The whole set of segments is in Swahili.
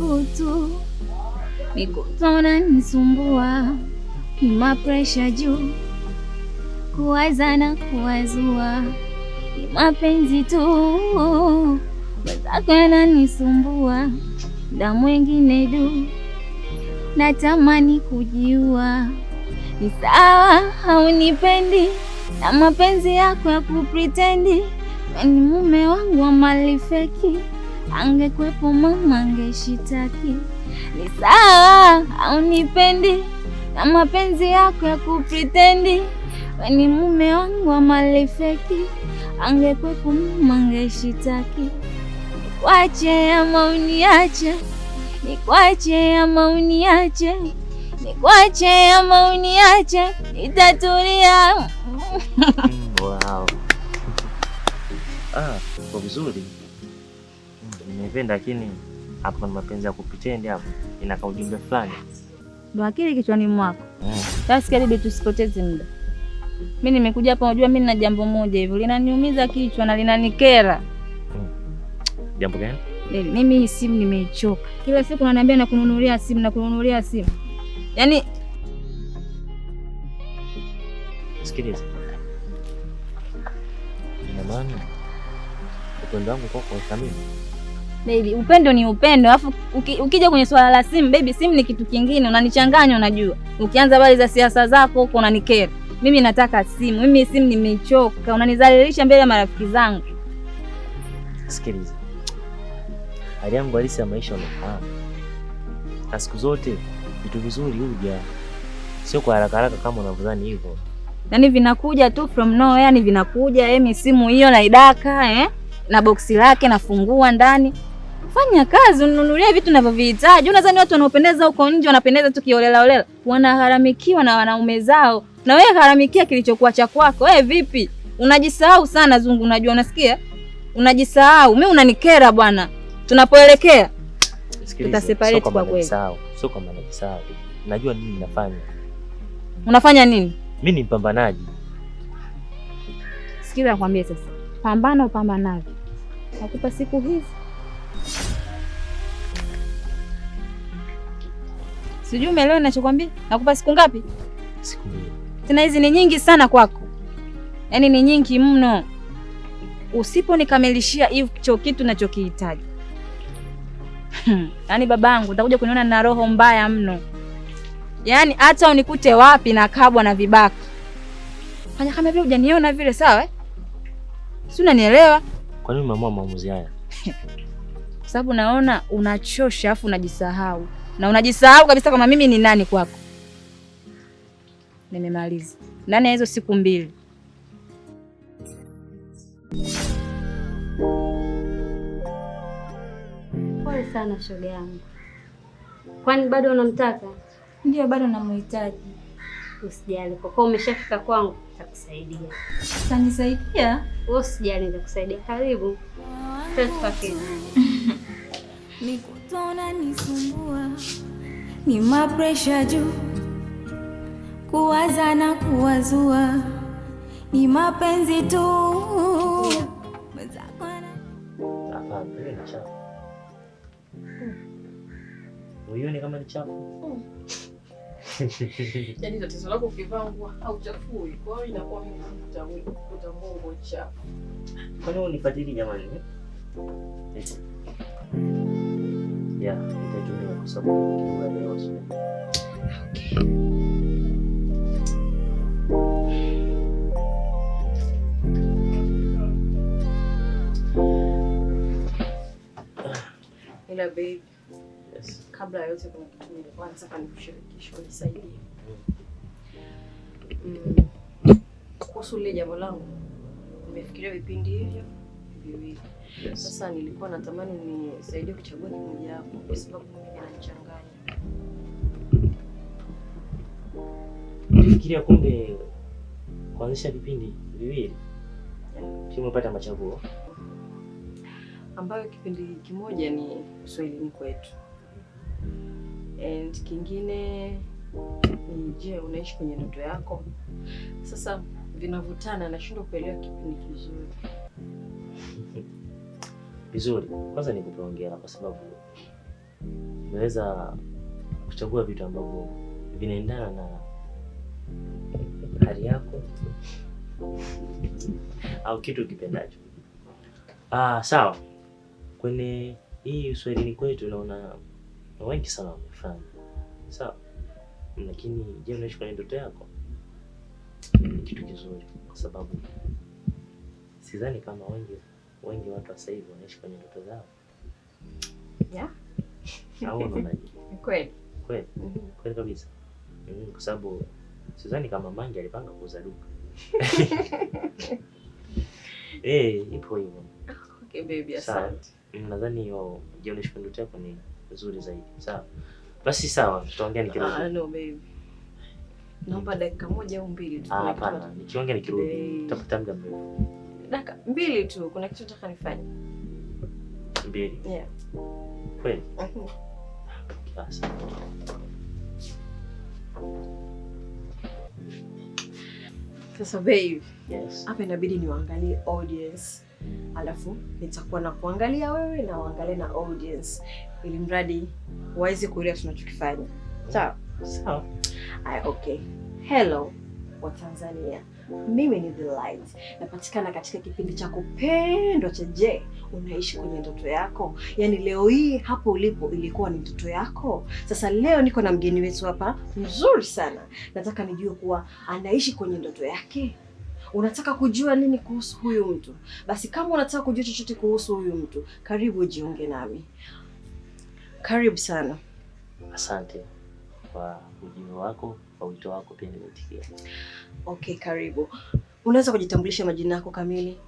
yangu tu, mikutona nisumbua, ni mapresha juu, kuwaza na kuwazua, ni mapenzi tu, wenzako yananisumbua, mda mwengine du, natamani kujiua. Ni sawa haunipendi, na mapenzi yako ya kupritendi, ni mume wangu wa malifeki Angekuwepo mama angeshitaki. Ni sawa au nipendi na mapenzi yako ya kupritendi, weni mume wangu wa malefeki. Angekuwepo mama angeshitaki. Nikwache ama uniache, nikwache ama uniache, nikwache ama uniache, itatulia. Wow. Ah, kwa vizuri unanipenda, lakini hapo ni mapenzi ya kupitendi hapo inaka ujumbe fulani. Ndo akili kichwani mwako. Basi mm. karibu tusipoteze muda. Mimi nimekuja hapa, unajua mimi nina jambo moja hivyo linaniumiza kichwa na linanikera. Mm. Jambo gani? Mimi hii simu nimeichoka. Kila siku unaniambia na kununulia simu na kununulia simu, yaani Sikiliza, ina maana upendo wangu kwako uthamini Baby, upendo ni upendo, alafu ukija kwenye swala la simu baby, simu ni kitu kingine, unanichanganya. Unajua, ukianza bali za siasa zako huko unanikera mimi. Nataka simu mimi, simu nimechoka, unanizalilisha mbele ya marafiki zangu. Sikiliza, hali yangu halisi ya maisha unafahamu, na siku zote vitu vizuri huja, sio kwa haraka haraka kama unavyodhani hivyo. Yaani vinakuja tu from nowhere, yani vinakuja. eh, simu hiyo naidaka eh? na boksi lake nafungua ndani Fanya kazi ununulie vitu unavyovihitaji. Unadhani watu wanaopendeza huko nje wanapendeza tu kiolela olela, Wanaharamikiwa na wanaume zao, na wewe gharamikia kilichokuwa cha kwako. Wewe vipi? Unajisahau sana Zungu, unajua, unasikia, unajisahau. Mimi unanikera bwana. Tunapoelekea tutaseparate kwa kweli. Sio kama najisahau, najua nini nafanya. Unafanya nini? Mimi ni mpambanaji. Sikiza, nakwambia sasa, pambana upambanavyo. Nakupa siku hizi Sijui umeelewa ninachokwambia? Nakupa siku ngapi? Siku mbili. Tena hizi ni nyingi sana kwako, yaani ni nyingi mno. Usiponikamilishia hicho kitu ninachokihitaji, hmm. yaani babangu, utakuja kuniona na roho mbaya mno, yaani hata unikute wapi na kabwa na vibaka, fanya kama vile hujaniona vile, sawa? Eh? Si unanielewa? Kwa nini mama maamuzi haya? Kwa sababu naona unachosha afu unajisahau na unajisahau kabisa kama mimi ni nani kwako. Nimemaliza ndani ya hizo siku mbili. Pole sana shoga yangu. Kwani bado unamtaka? Ndio, bado namhitaji. Usijali, kwa kuwa umeshafika kwangu, nitakusaidia. Utanisaidia? Wewe usijali, nitakusaidia. Karibu, tutakutana. Nikutona nisumbua, ni mapresha juu, kuwaza na kuwazua, ni mapenzi tu. Hmm. Uione kama ni chafu. Hmm. Yaani tatizo lako ukivaa nguo chafu kwa hiyo inakuwa mimi utambua nguo chafu. Kwa Kwani unifuatili jamani? Yeah, Ila babe, yes. Kabla ya yote kuna kitu nilikuwa nataka nikushirikishe unisaidie. Mm. Kuhusu lile jambo langu nimefikiria vipindi hivyo viwili. Yes. Sasa nilikuwa natamani nisaidie kuchagua kimoja hapo kwa sababu mimi inanichanganya. Nilifikiria kumbe kuanzisha vipindi viwili kimepata machaguo ambayo kipindi kimoja ni Kiswahilini kwetu and kingine ni je, unaishi kwenye ndoto yako. Sasa vinavutana, nashindwa kuelewa kipindi kizuri vizuri. Kwanza nikupe hongera kwa sababu umeweza kuchagua vitu ambavyo vinaendana na hali yako au kitu kipendacho. Ah, sawa. Kwenye hii Uswahilini kwetu naona wengi sana wamefanya sawa, lakini je, unaishi kwenye ndoto yako? Ni kitu kizuri, kwa sababu sidhani kama wengi wengi watu sasa hivi wanaishi kwenye ndoto zao. Mm-hmm. Kweli. kabisa. Mm-hmm. Kwa sababu sidhani kama Mange alipanga kuuza duka. Eh, ipo hivyo. Okay baby, asante. Mm, nadhani ndoto yako ni nzuri zaidi. Sawa. Basi sawa, tutaongea nikiona. Ah, no baby. Naomba dakika moja au mbili tu. Ah, hapana, nikiongea nikirudi. Tutapata muda mrefu. Daka mbili tu, kuna kitu nataka nifanye. Mbili? Yeah. Kweli? Mhm. Basi. Sasa babe, yes. Hapa inabidi niwaangalie audience. Alafu nitakuwa na kuangalia wewe na waangalie na audience ili mradi waweze kuelewa tunachokifanya. Sawa? Sawa. Aya, okay. Hello wa Tanzania. Mimi ni The Light, napatikana katika kipindi cha kupendwa cha Je, unaishi kwenye ndoto yako? Yaani leo hii hapo ulipo ilikuwa ni ndoto yako. Sasa leo niko na mgeni wetu hapa mzuri sana, nataka nijue kuwa anaishi kwenye ndoto yake. Unataka kujua nini kuhusu huyu mtu? Basi kama unataka kujua chochote kuhusu huyu mtu, karibu ujiunge nami. Karibu sana. Asante kwa ujio wako kwa wito wako pia nimeitikia. Okay, karibu. Unaweza kujitambulisha majina yako kamili?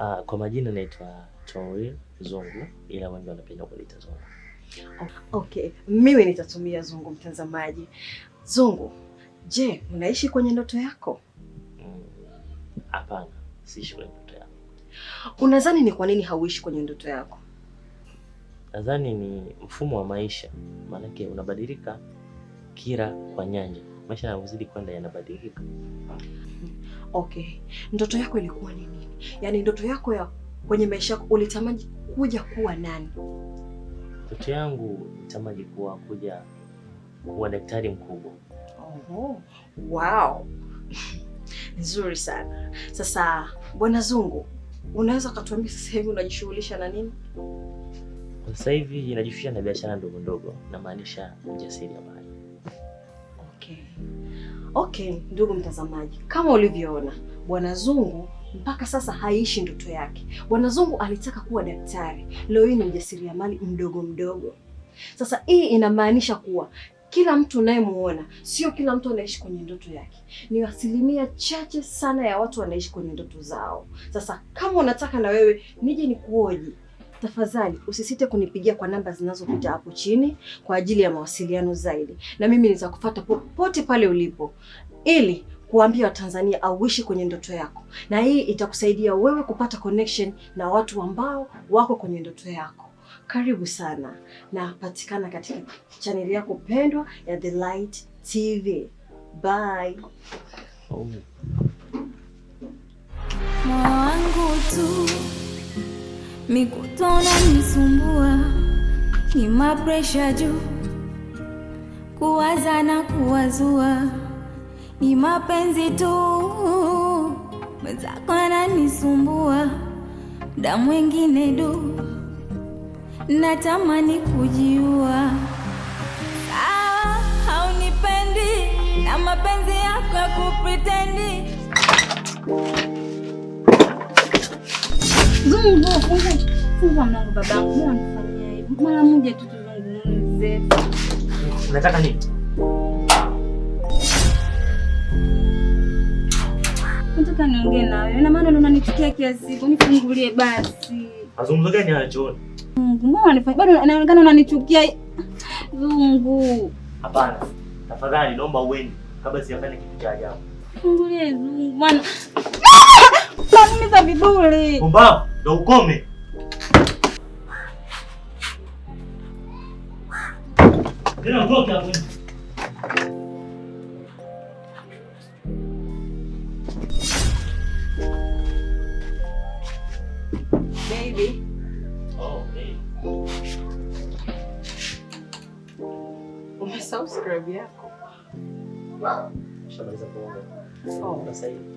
Uh, kwa majina naitwa Tori Zungu ila wengi wanapenda kuniita Zungu. Okay, mimi nitatumia Zungu mtazamaji. Zungu, je, unaishi kwenye ndoto yako? Mm, hapana, mm, siishi kwenye ndoto yako Unadhani ni kwa nini hauishi kwenye ndoto yako? nadhani ni mfumo wa maisha, maanake unabadilika kila kwa nyanja, maisha yanavyozidi kwenda yanabadilika. Okay, ndoto yako ilikuwa ni nini? Yaani ndoto yako ya kwenye maisha yako ulitamani kuja kuwa nani? Ndoto yangu nitamaji kuwa kuja kuwa daktari mkubwa. Oh, wow. Nzuri sana. Sasa Bwana Zungu, unaweza ukatuambia sasa hivi unajishughulisha na nini? Kwa sasa hivi inajihusisha na biashara ndogo ndogo, namaanisha mjasiriamali. Okay. Okay, ndugu mtazamaji, kama ulivyoona Bwana Zungu mpaka sasa haishi ndoto yake. Bwana Zungu alitaka kuwa daktari, leo hii ni mjasiriamali mdogo mdogo. Sasa hii inamaanisha kuwa kila mtu unayemuona, sio kila mtu anaishi kwenye ndoto yake. Ni asilimia chache sana ya watu wanaishi kwenye ndoto zao. Sasa kama unataka na wewe nije nikuoje tafadhali usisite kunipigia kwa namba zinazopita hapo chini kwa ajili ya mawasiliano zaidi, na mimi nitakufuata popote pale ulipo ili kuambia Watanzania auishi kwenye ndoto yako, na hii itakusaidia wewe kupata connection na watu ambao wako kwenye ndoto yako. Karibu sana na patikana katika chaneli yako pendwa ya The Light TV. Bye. Oh mikutona nisumbua, ni mapresha juu, kuwaza na kuwazua, ni mapenzi tu, mwenzako ananisumbua, mda mwingine du, natamani kujiua. Sawa, haunipendi na mapenzi yako ya kupritendi Mungu, funga mlango Unataka nini? Nataka niongee nawe. Na maana unanichukia kiasi hicho, nifungulie basi. Mazungumzo gani haya chooni? Mungu, mbona unifanyia? Bado inaonekana unanichukia. Zungu. Hapana. Tafadhali naomba uende kabla sijafanya kitu cha ajabu. Fungulie Zungu, bwana. Sikiliza vizuri. Pumbavu, ndo ukome. Baby. Oh, yako. Wow. Shabaiza kuonga. Oh. Sasa hivi.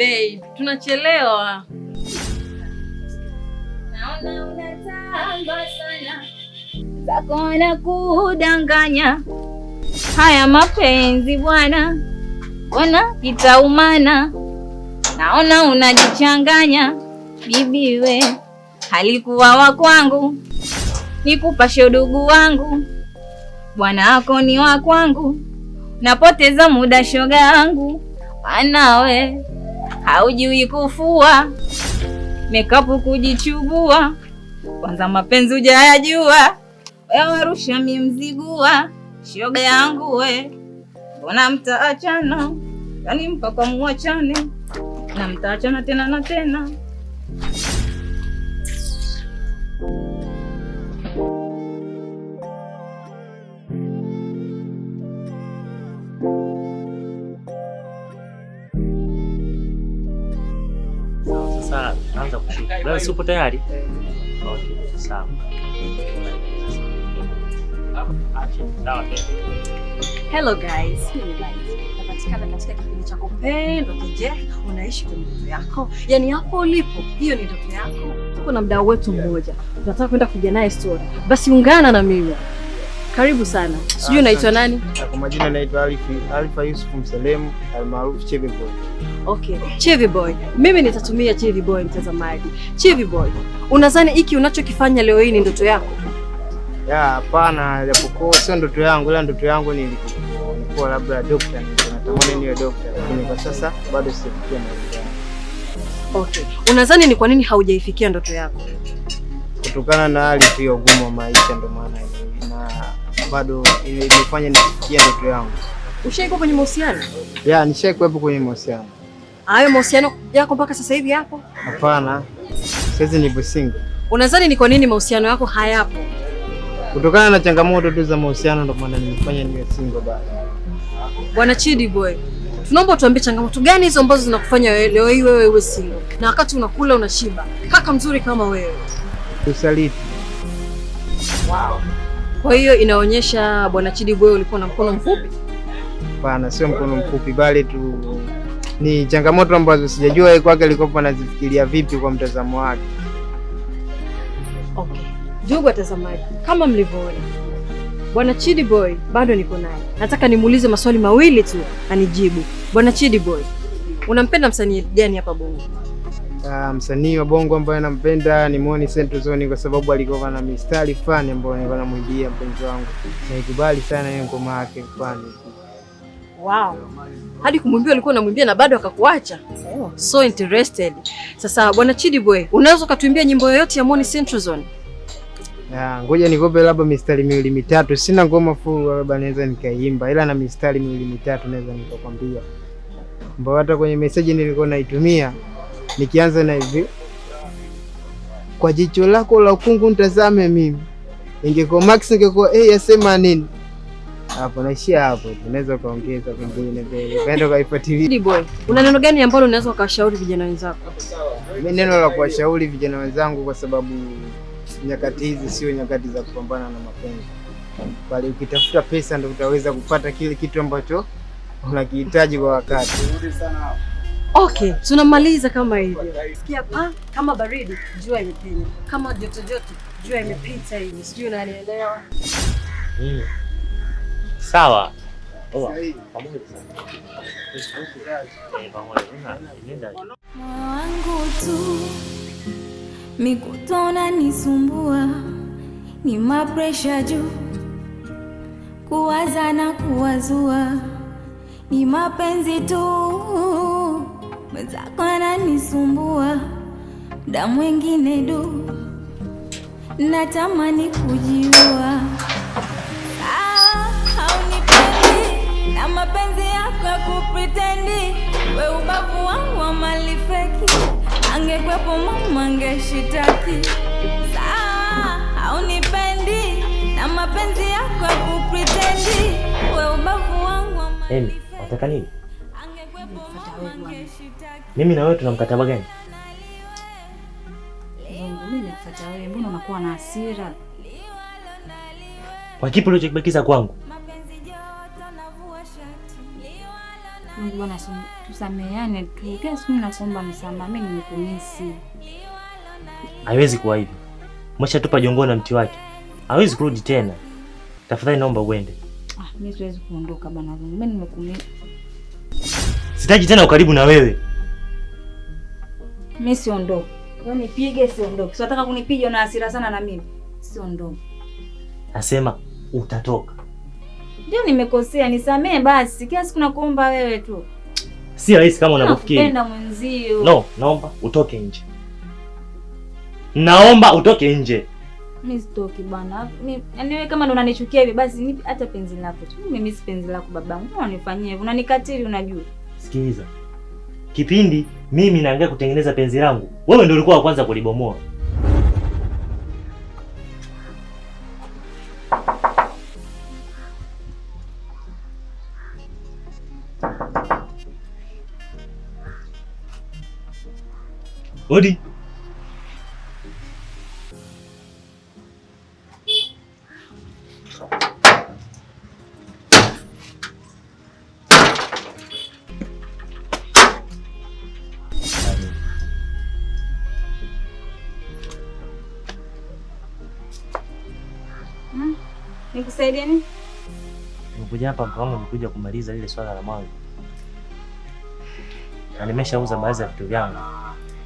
babe, tunachelewa. Naona unatamba sana na kudanganya haya mapenzi bwana, bwana kitaumana. Naona unajichanganya bibi, we halikuwa wa kwangu, nikupashe udugu wangu, bwana wako ni wa kwangu, napoteza muda shoga yangu, anawe haujui kufua mekapu kujichubua, kwanza mapenzi hujayajua, wewe rusha mi shoga yangu we, mbona mtaachana? Yani mpaka muachane na mtaachana tena na tena Basi upo tayari? Eh. Okay, sawa. Hello guys. Napatikana katika kipindi cha kupendwa. kije, unaishi kwenye ndoto yako? Yaani hapo ulipo, hiyo ni ndoto yako. Tuko na mdau wetu mmoja. Tunataka kwenda kuja naye story. Basi ungana na mimi. Karibu sana. Sijui unaitwa nani? Kwa majina naitwa Alifa Yusuf Mselemu almaarufu Chevy Boy. Okay, Chevy Boy. Mimi nitatumia Chevy Boy mtazamaji. Chevy Boy, unadhani hiki unachokifanya leo hii ni ndoto yako? Ya, hapana, japokuwa sio ndoto yangu, ila ndoto yangu ni nilikuwa labda doctor, natamani niwe doctor, lakini kwa sasa bado sijafikia ndoto yangu. Okay. Unadhani ni kwa nini haujaifikia ndoto yako? Kutokana na hali hiyo ngumu wa maisha ndio maana na bado imefanya nifikie ndoto yangu. Ushaikuwa kwenye mahusiano? Yeah, nishaikuwepo kwenye mahusiano. Hayo mahusiano yako mpaka sasa hivi yapo? Hapana, sasa nipo single. Unadhani ni kwa nini mahusiano yako hayapo? Kutokana na changamoto tu za mahusiano, ndio maana nimefanya niwe single bado. Bwana Chidi boy, tunaomba tuambie changamoto gani hizo ambazo zinakufanya leo hii wewe uwe single, na wakati unakula unashiba, kaka mzuri kama wewe. Usaliti. Wow. Kwa hiyo inaonyesha Bwana Chidi, wewe ulikuwa na mkono mfupi? Hapana, sio mkono mfupi, bali tu ni changamoto ambazo sijajua yeye kwake alikuwa anazifikiria vipi kwa mtazamo wake. Okay. Ndugu watazamaji, kama mlivyoona Bwana Chidi Boy bado niko naye. Nataka nimuulize maswali mawili tu anijibu. Bwana Chidi Boy, unampenda msanii gani hapa Bongo? Uh, msanii wa bongo ambaye nampenda ni Moni Central Zone kwa sababu alikuwa na mistari fani ambayo nilikuwa namwimbia mpenzi wangu, naikubali sana hiyo ngoma yake fani. Wow. Hadi kumwimbia alikuwa unamwimbia na bado akakuacha. So interested. Sasa bwana Chidi boy, unaweza ukatuimbia nyimbo yoyote ya Moni Central Zone? Ah, ngoja nikope labda mistari miwili mitatu. Sina ngoma full labda naweza nikaimba ila na mistari miwili mitatu naweza nikakwambia. Mbona hata kwenye message nilikuwa naitumia nikianza na hivi: kwa jicho lako la ukungu nitazame mimi, ingekuwa Max ingekuwa hey, asema nini? Hapo naishia hapo, tunaweza ukaongeza pengine mbele, kaenda ukaifuatilia. Boy, una neno gani ambalo unaweza ukawashauri vijana wenzako? Mimi neno la kuwashauri vijana wenzangu, kwa sababu nyakati hizi sio nyakati za kupambana na mapenzi, bali ukitafuta pesa ndio utaweza kupata kile kitu ambacho unakihitaji kwa wakati. Okay, tunamaliza kama hivyo. Sikia pa ah, kama baridi jua imepenya, kama joto joto jua imepita hivi, sijui unanielewa? Mm. Sawa. Oh. Moyo wangu tu mikutona nisumbua, ni mapresha juu, kuwaza na kuwazua, ni mapenzi tu mwenzako ananisumbua, da mwengine du natamani kujiua. Ah, haunipendi na mapenzi yako ya kupritendi, we ubavu wangu wa mali feki, angekwepo mama angeshitaki. Ah, haunipendi na mapenzi yako ya kupritendi, we ubavu wangu wa mali feki. Wataka nini? Mimi na wewe tuna mkataba gani? Kwa kipi ulichokibakiza kwangu? Mungu tu. Kila siku nakuomba msamaha, mimi nimekumisi. Haiwezi kuwa hivi. Mweshatupa jongoo na mti wake, hawezi kurudi tena. Tafadhali naomba uende. Ah, mimi siwezi kuondoka bwana, mimi nimekumisi. Sitaki tena ukaribu na wewe. Mimi siondoke. Wewe nipige siondoke. Sio nataka kunipiga na hasira sana na mimi. Siondoke. Nasema utatoka. Ndio nimekosea, nisamee basi. Kila siku nakuomba wewe tu. Si rahisi kama unavyofikiri. Napenda mwenzio. No, naomba utoke nje. Naomba utoke nje. Mimi sitoki bwana. Yaani wewe kama ndo unanichukia hivi basi nipi hata penzi lako tu. Mimi si penzi lako babangu. Unanifanyia hivi. Unanikatili unajua. Sikiliza, kipindi mimi naangalia kutengeneza penzi langu, wewe ndio ulikuwa wa kwanza kulibomoa. Odi. Nikusaidie nini? Nikuja hapa mka wangu, nikuja kumaliza lile swala la mwanzo. na nimeshauza baadhi ya vitu vyangu.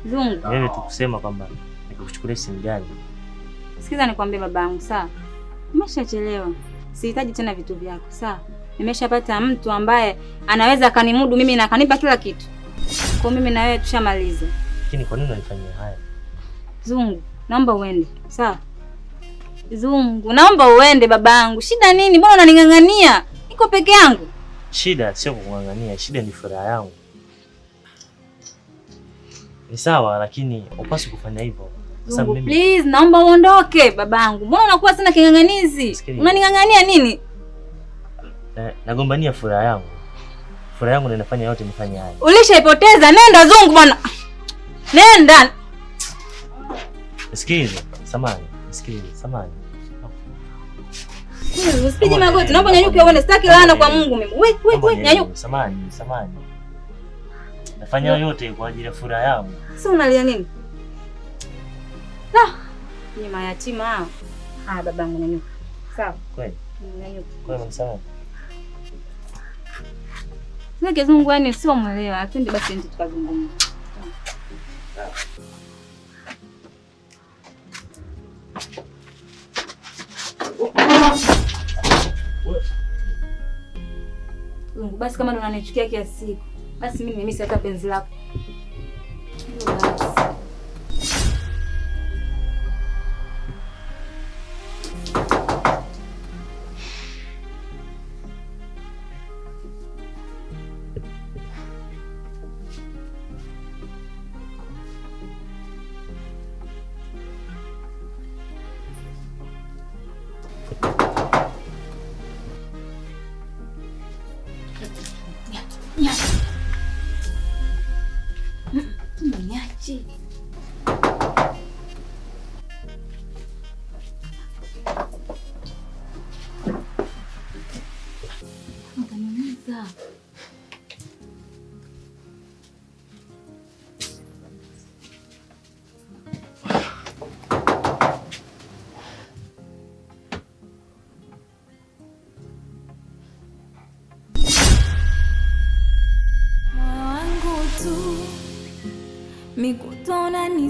Zungu, wewe tukusema kwamba nikuchukulia simu gani? Sikiza nikwambie babangu, sawa? Umeshachelewa, sihitaji tena vitu vyako, sawa? Nimeshapata mtu ambaye anaweza akanimudu mimi na akanipa kila kitu. Kwa mimi na wewe tushamaliza. Lakini kwa nini unanifanyia haya? Zungu, naomba uende, sawa? Zungu, naomba uende babangu. Shida nini? Mbona unaning'ang'ania? Niko peke yangu. Shida sio kukung'ang'ania, shida ni furaha yangu. Ni sawa, lakini upasi kufanya hivyo. Zungu, please, naomba uondoke babangu. Mbona unakuwa sana king'ang'anizi? Unaning'ang'ania nini? Nagombania furaha yangu. Furaha yangu ninafanya yote nifanye haya. Ulishaipoteza, nenda Zungu bwana. Nenda. Sikiza, samahani. Usipige magoti. Naomba nyanyuka uone, sitaki laana kwa Mungu mimi. Wewe wewe nyanyuka. Samahani, samahani. Nafanya yote kwa ajili ya furaha yao. Sasa unalia nini? La. Ni mayatima hao. Haya babangu nyanyuka. Sawa. Kweli. Nyanyuka. Kweli msawa. Nige Mungu yani sio mwelewa, akende basi ndio tukazungumza. Basi kama ndo unanichukia kila siku, basi mimi mimi hata penzi lako.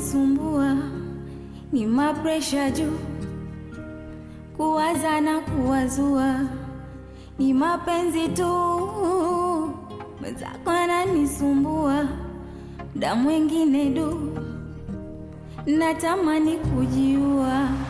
kunisumbua ni mapresha juu, kuwaza na kuwazua ni mapenzi tu, mwenzako ananisumbua mda mwengine du, natamani kujiua.